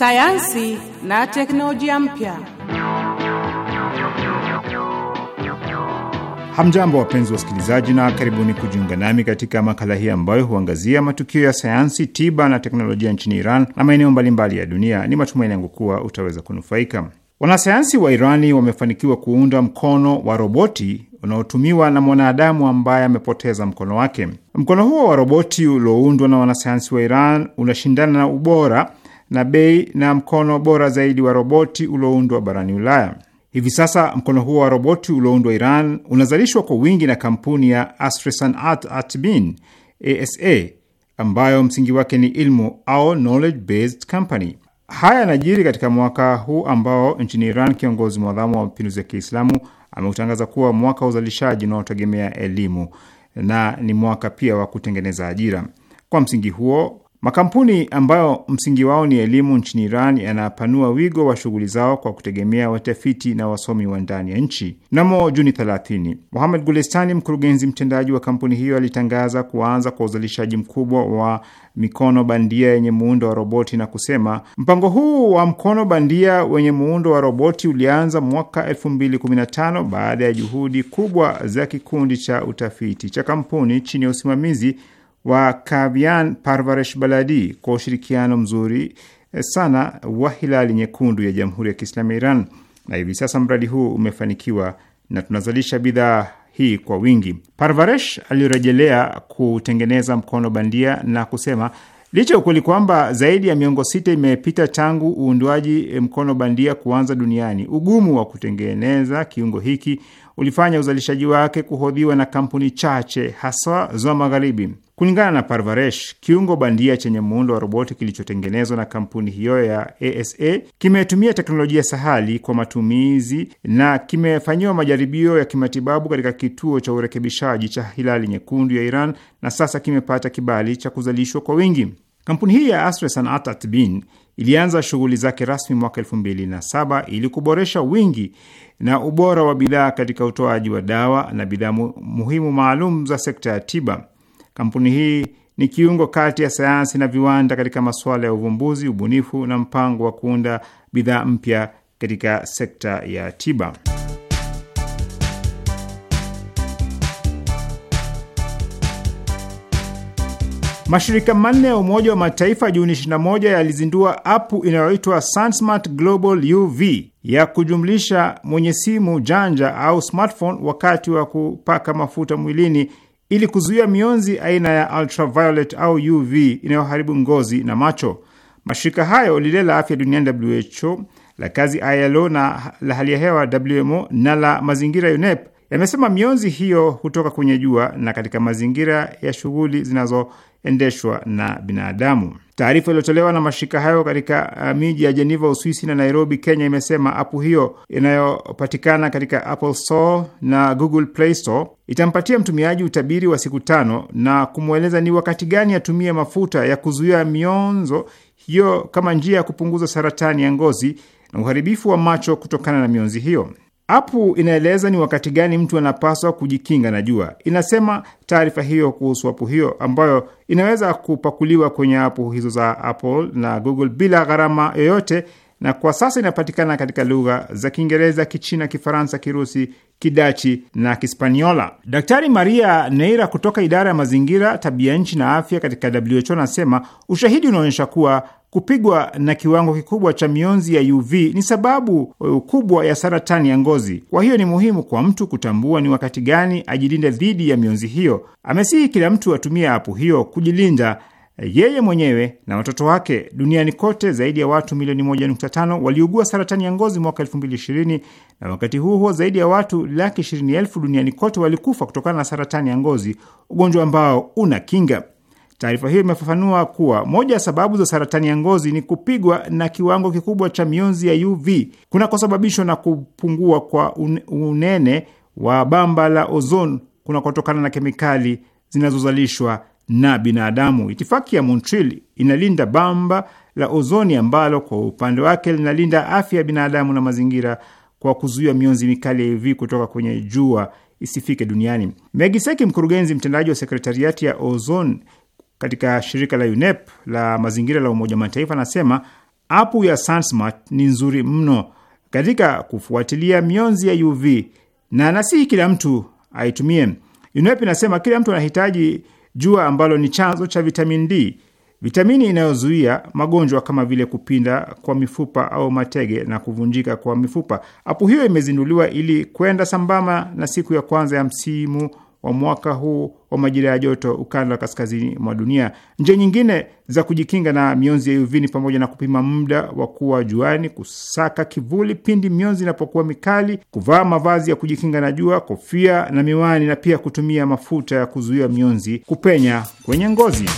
sayansi na teknolojia mpya. Hamjambo, wapenzi wa wasikilizaji, na karibuni kujiunga nami katika makala hii ambayo huangazia matukio ya sayansi, tiba na teknolojia nchini Iran na maeneo mbalimbali ya dunia. Ni matumaini yangu kuwa utaweza kunufaika. Wanasayansi wa Irani wamefanikiwa kuunda mkono wa roboti unaotumiwa na mwanadamu ambaye amepoteza mkono wake. Mkono huo wa roboti ulioundwa na wanasayansi wa Iran unashindana na ubora na bei na mkono bora zaidi wa roboti ulioundwa barani Ulaya. Hivi sasa mkono huo wa roboti ulioundwa Iran unazalishwa kwa wingi na kampuni ya Astresanat Atbin ASA ambayo msingi wake ni ilmu au knowledge based company. Haya yanajiri katika mwaka huu ambao nchini Iran kiongozi mwadhamu wa mapinduzi ya Kiislamu ameutangaza kuwa mwaka wa uzalishaji unaotegemea elimu na ni mwaka pia wa kutengeneza ajira. Kwa msingi huo Makampuni ambayo msingi wao ni elimu nchini Iran yanapanua wigo wa shughuli zao kwa kutegemea watafiti na wasomi wa ndani ya nchi. Mnamo Juni 30, Mohamed Gulestani, mkurugenzi mtendaji wa kampuni hiyo, alitangaza kuanza kwa uzalishaji mkubwa wa mikono bandia yenye muundo wa roboti na kusema, mpango huu wa mkono bandia wenye muundo wa roboti ulianza mwaka 2015 baada ya juhudi kubwa za kikundi cha utafiti cha kampuni chini ya usimamizi wa Kavian Parvaresh Baladi kwa ushirikiano mzuri eh, sana wa Hilali Nyekundu ya Jamhuri ya Kiislamu ya Iran, na hivi sasa mradi huu umefanikiwa na tunazalisha bidhaa hii kwa wingi. Parvaresh alirejelea kutengeneza mkono bandia na kusema licha ukweli kwamba zaidi ya miongo sita imepita tangu uundwaji eh, mkono bandia kuanza duniani, ugumu wa kutengeneza kiungo hiki ulifanya uzalishaji wake kuhodhiwa na kampuni chache, haswa za Magharibi. Kulingana na Parvaresh, kiungo bandia chenye muundo wa roboti kilichotengenezwa na kampuni hiyo ya ASA kimetumia teknolojia sahali kwa matumizi na kimefanyiwa majaribio ya kimatibabu katika kituo cha urekebishaji cha Hilali Nyekundu ya Iran na sasa kimepata kibali cha kuzalishwa kwa wingi. Kampuni hii ya Asre Sanat Atbin ilianza shughuli zake rasmi mwaka elfu mbili na saba ili kuboresha wingi na ubora wa bidhaa katika utoaji wa dawa na bidhaa muhimu maalum za sekta ya tiba. Kampuni hii ni kiungo kati ya sayansi na viwanda katika masuala ya uvumbuzi, ubunifu na mpango wa kuunda bidhaa mpya katika sekta ya tiba. Mashirika manne ya Umoja wa Mataifa Juni 21 yalizindua apu inayoitwa SunSmart Global UV ya kujumlisha mwenye simu janja au smartphone wakati wa kupaka mafuta mwilini ili kuzuia mionzi aina ya ultraviolet au UV inayoharibu ngozi na macho. Mashirika hayo, lile la afya duniani WHO, la kazi ILO, na la hali ya hewa WMO, na la mazingira UNEP amesema mionzi hiyo hutoka kwenye jua na katika mazingira ya shughuli zinazoendeshwa na binadamu. Taarifa iliyotolewa na mashirika hayo katika uh, miji ya Jeneva, Uswisi na Nairobi, Kenya, imesema apu hiyo inayopatikana katika Apple Store na Google Play Store itampatia mtumiaji utabiri wa siku tano na kumweleza ni wakati gani atumie mafuta ya kuzuia mionzo hiyo kama njia ya kupunguza saratani ya ngozi na uharibifu wa macho kutokana na mionzi hiyo. Apu inaeleza ni wakati gani mtu anapaswa kujikinga na jua. Inasema taarifa hiyo kuhusu apu hiyo ambayo inaweza kupakuliwa kwenye apu hizo za Apple na Google bila gharama yoyote, na kwa sasa inapatikana katika lugha za Kiingereza, Kichina, Kifaransa, Kirusi, Kidachi na Kispaniola. Daktari Maria Neira kutoka idara ya mazingira, tabia nchi na afya katika WHO anasema ushahidi unaonyesha kuwa Kupigwa na kiwango kikubwa cha mionzi ya UV ni sababu uh, kubwa ya saratani ya ngozi. Kwa hiyo ni muhimu kwa mtu kutambua ni wakati gani ajilinde dhidi ya mionzi hiyo. Amesihi kila mtu atumie apu hiyo kujilinda uh, yeye mwenyewe na watoto wake. Duniani kote zaidi ya watu milioni 1.5 waliugua saratani ya ngozi mwaka 2020 na wakati huo huo zaidi ya watu laki 20 elfu duniani kote walikufa kutokana na saratani ya ngozi, ugonjwa ambao una kinga. Taarifa hiyo imefafanua kuwa moja ya sababu za saratani ya ngozi ni kupigwa na kiwango kikubwa cha mionzi ya UV kunakosababishwa na kupungua kwa unene wa bamba la ozon kunakotokana na kemikali zinazozalishwa na binadamu. Itifaki ya Montreal inalinda bamba la ozoni ambalo kwa upande wake linalinda afya ya binadamu na mazingira kwa kuzuia mionzi mikali ya UV kutoka kwenye jua isifike duniani. Megiseki, mkurugenzi mtendaji wa sekretariati ya ozon katika shirika la UNEP la mazingira la Umoja Mataifa anasema apu ya SunSmart ni nzuri mno katika kufuatilia mionzi ya UV na nasihi kila mtu aitumie. UNEP inasema kila mtu anahitaji jua ambalo ni chanzo cha vitamin D, vitamini inayozuia magonjwa kama vile kupinda kwa mifupa au matege na kuvunjika kwa mifupa. Apu hiyo imezinduliwa ili kwenda sambamba na siku ya kwanza ya msimu wa mwaka huu wa majira ya joto ukanda wa kaskazini mwa dunia. Njia nyingine za kujikinga na mionzi ya UV ni pamoja na kupima muda wa kuwa juani, kusaka kivuli pindi mionzi inapokuwa mikali, kuvaa mavazi ya kujikinga na jua, kofia na miwani, na pia kutumia mafuta ya kuzuia mionzi kupenya kwenye ngozi.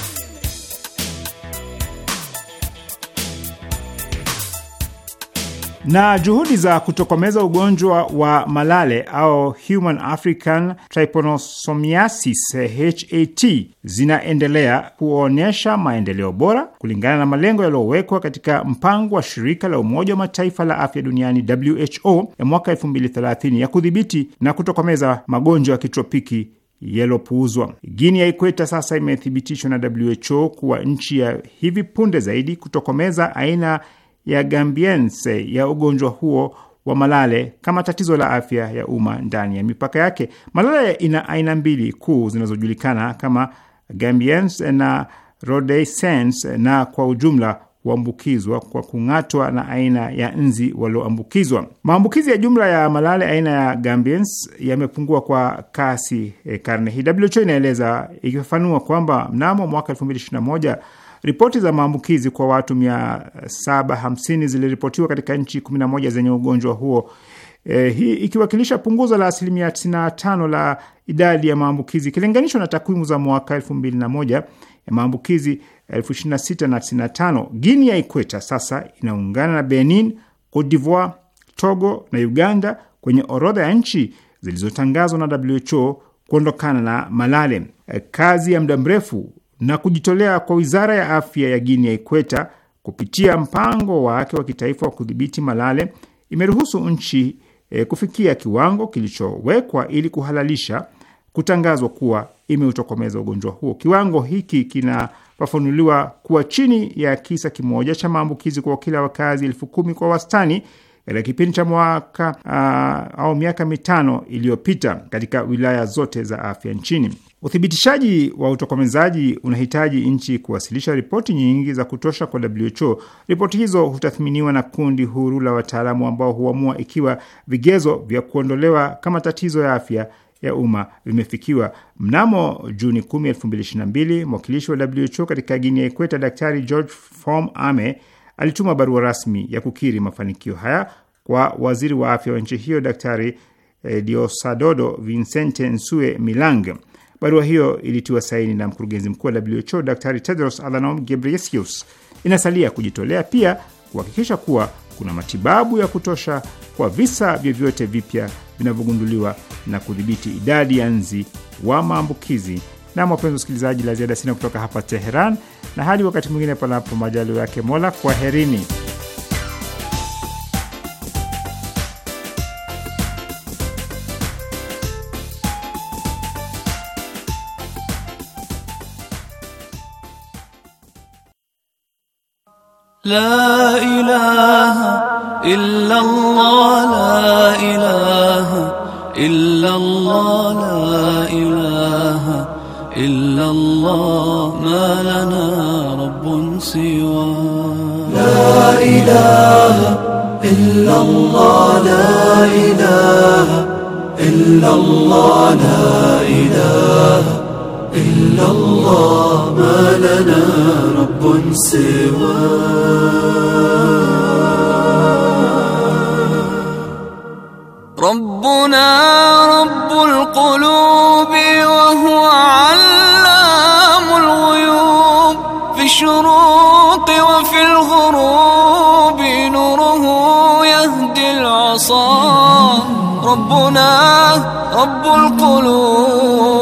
na juhudi za kutokomeza ugonjwa wa malale au Human African Trypanosomiasis HAT zinaendelea kuonyesha maendeleo bora kulingana na malengo yaliyowekwa katika mpango wa shirika la Umoja wa Mataifa la afya duniani WHO ya mwaka 2030 ya kudhibiti na kutokomeza magonjwa ya kitropiki yaliyopuuzwa. Guinea ya Ikweta sasa imethibitishwa na WHO kuwa nchi ya hivi punde zaidi kutokomeza aina ya Gambiense ya ugonjwa huo wa malale kama tatizo la afya ya umma ndani ya mipaka yake. Malale ina aina mbili kuu zinazojulikana kama Gambiense na Rhodesiense, na kwa ujumla huambukizwa kwa kung'atwa na aina ya nzi walioambukizwa. Maambukizi ya jumla ya malale aina ya Gambiense yamepungua kwa kasi eh, karne hii. WHO inaeleza ikifafanua kwamba mnamo mwaka 2021 Ripoti za maambukizi kwa watu 750 ziliripotiwa katika nchi 11 zenye ugonjwa huo. E, hii ikiwakilisha punguzo la asilimia 95 la idadi ya maambukizi ikilinganishwa na takwimu za mwaka 2001 ya maambukizi 26,095. Guinea ya Ikweta sasa inaungana na Benin, Cote d'Ivoire, Togo na Uganda kwenye orodha ya nchi zilizotangazwa na WHO kuondokana na malale. Eh, kazi ya muda mrefu na kujitolea kwa wizara ya afya ya Guinea Ikweta kupitia mpango wake wa kitaifa wa kudhibiti malale imeruhusu nchi e, kufikia kiwango kilichowekwa ili kuhalalisha kutangazwa kuwa imeutokomeza ugonjwa huo. Kiwango hiki kinafafanuliwa kuwa chini ya kisa kimoja cha maambukizi kwa kila wakazi elfu kumi kwa wastani katika kipindi cha mwaka ah, au miaka mitano iliyopita katika wilaya zote za afya nchini. Uthibitishaji wa utokomezaji unahitaji nchi kuwasilisha ripoti nyingi za kutosha kwa WHO. Ripoti hizo hutathminiwa na kundi huru la wataalamu ambao huamua ikiwa vigezo vya kuondolewa kama tatizo ya afya ya umma vimefikiwa. Mnamo Juni 10, 2022, mwakilishi wa WHO katika Guinea ya Daktari George Fom Ame alituma barua rasmi ya kukiri mafanikio haya kwa waziri wa afya wa nchi hiyo Daktari eh, Diosadodo Vincente Nsue Milange. Barua hiyo ilitiwa saini na mkurugenzi mkuu wa WHO Daktari Tedros Adhanom Ghebreyesus. Inasalia kujitolea pia kuhakikisha kuwa kuna matibabu ya kutosha kwa visa vyovyote vipya vinavyogunduliwa na kudhibiti idadi ya nzi wa maambukizi. Na wapenzi wasikilizaji, la ziada sina kutoka hapa Teheran, na hadi wakati mwingine, panapo majalio yake Mola, kwaherini. لا إله إلا الله لا إله إلا الله لا إله إلا الله ما لنا رب سوى لا إله إلا الله لا إله إلا الله لا إله إلا الله ما لنا رب سواه ربنا رب القلوب وهو علام الغيوب في الشروق وفي الغروب نوره يهدي العصا ربنا رب القلوب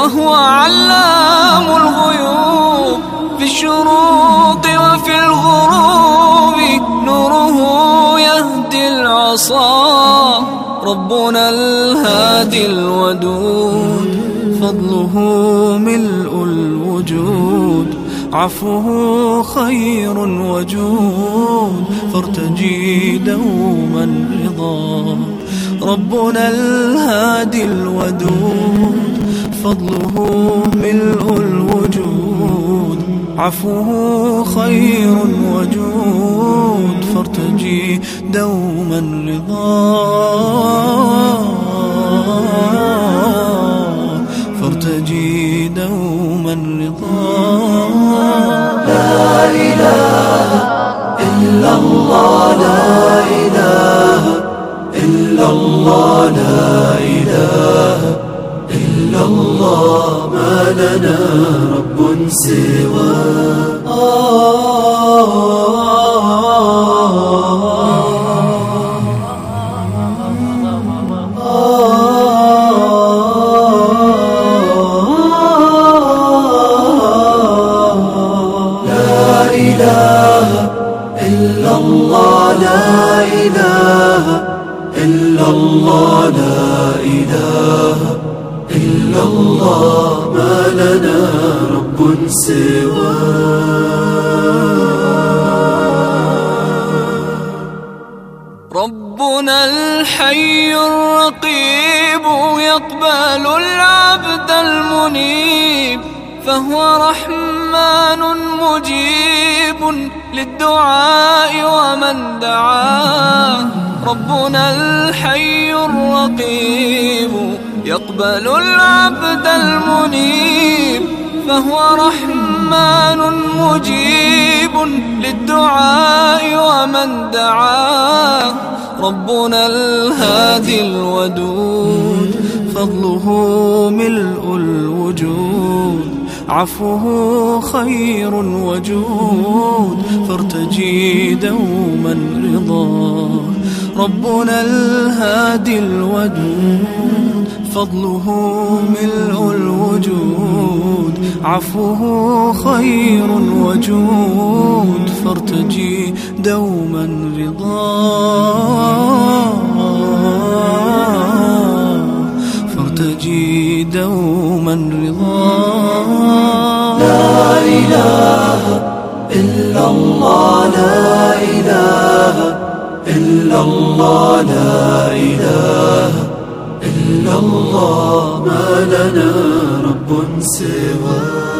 وهو علام الغيوب في الشروق وفي الغروب نوره يهدي العصا ربنا الهادي الودود فضله ملء الوجود عفوه خير وجود فارتجي دوما رضا ربنا الهادي الودود فضله ملء الوجود عفوه خير وجود فارتجي دوما رضا فارتجي دوما رضا لا إله إلا الله لا إله إلا الله لا إله إلا الله ما لنا رب سواه آه. ربنا الهادي الودود فضله ملء الوجود عفوه خير وجود فارتجي دوما رضاه ربنا الهادي الودود فضله ملء الوجود عفوه خير وجود فارتجي دوما رضا فارتجي دوما رضا لا إله إلا الله لا إله إلا الله لا إله إلا الله ما لنا رب سواه